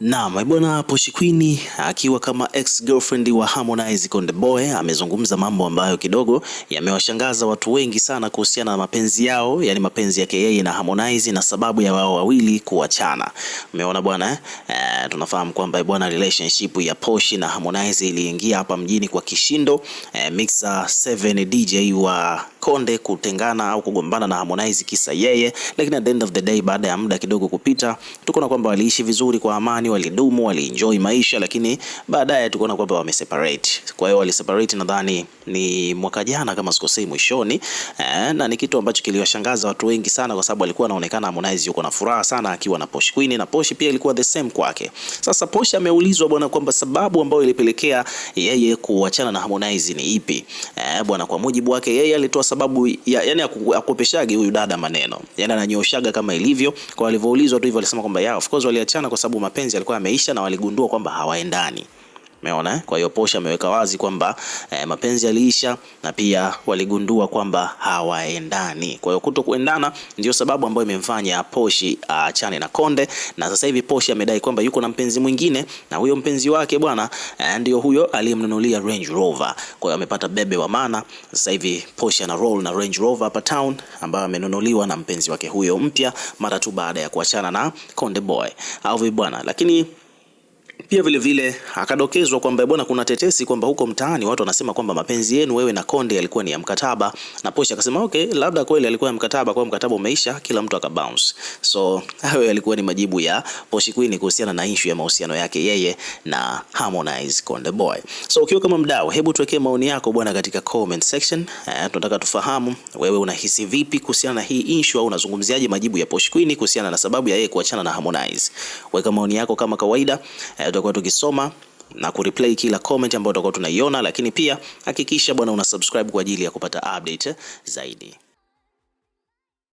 Naam, bwana Poshy Queen akiwa kama ex girlfriend wa Harmonize Konde Boy amezungumza mambo ambayo kidogo yamewashangaza watu wengi sana kuhusiana na mapenzi yao, yani mapenzi yake yeye na Harmonize na sababu ya wao wawili kuachana. Umeona bwana eh, eh tunafahamu kwamba bwana relationship ya Poshi na Harmonize iliingia hapa mjini kwa kishindo eh, Mixer 7 DJ wa Konde kutengana au kugombana na Harmonize kisa yeye, lakini at the end of the day, baada ya muda kidogo kupita, tukaona kwamba waliishi vizuri kwa amani zamani walidumu, walienjoy maisha, lakini baadaye tukaona kwamba wameseparate. Kwa hiyo waliseparate nadhani ni mwaka jana kama sikosei, mwishoni eh, na ni kitu ambacho kiliwashangaza watu wengi sana, kwa sababu alikuwa anaonekana Harmonize yuko na furaha sana akiwa na Posh Queen, na Posh pia ilikuwa the same kwake. Sasa Posh ameulizwa bwana kwamba sababu ambayo ilipelekea yeye kuachana na Harmonize ni ipi? Eh, bwana, kwa mujibu wake yeye alitoa sababu ya, yani akopeshage huyu dada maneno, yani ananyoshaga kama ilivyo. Kwa alivyoulizwa tu hivyo alisema kwamba yeah of course waliachana kwa sababu mapenzi alikuwa ameisha na waligundua kwamba hawaendani. Umeona, kwa hiyo Posha ameweka wazi kwamba eh, mapenzi yaliisha na pia waligundua kwamba hawaendani. Kwa hiyo kuto kuendana ndio sababu ambayo imemfanya Poshi aachane uh, na Konde, na sasa hivi Poshi amedai kwamba yuko na mpenzi mwingine, na huyo mpenzi wake bwana eh, ndio huyo aliyemnunulia Range Rover. Kwa hiyo amepata bebe wa maana, sasa hivi Poshi ana roll na Range Rover hapa town, ambayo amenunuliwa na mpenzi wake huyo mpya mara tu baada ya kuachana na Konde Boy au bwana, lakini pia vile vile akadokezwa kwamba bwana, kuna tetesi kwamba huko mtaani watu wanasema kwamba mapenzi yenu wewe na Konde yalikuwa ni ya mkataba, na Posha akasema okay, labda kweli alikuwa ya mkataba, kwa mkataba umeisha, kila mtu akabounce. So hayo yalikuwa ni majibu ya Poshy Queen kuhusiana na issue ya mahusiano yake yeye na Harmonize Konde Boy. So ukiwa kama mdau, hebu tuwekee maoni yako bwana katika comment section. Eh, tunataka tufahamu wewe unahisi vipi kuhusiana na hii issue au unazungumziaje majibu ya Poshy Queen kuhusiana na sababu ya yeye kuachana na Harmonize. Weka maoni yako kama kawaida eh, tutakuwa tukisoma na kureplay kila comment ambayo tutakuwa tunaiona, lakini pia hakikisha bwana una subscribe kwa ajili ya kupata update zaidi.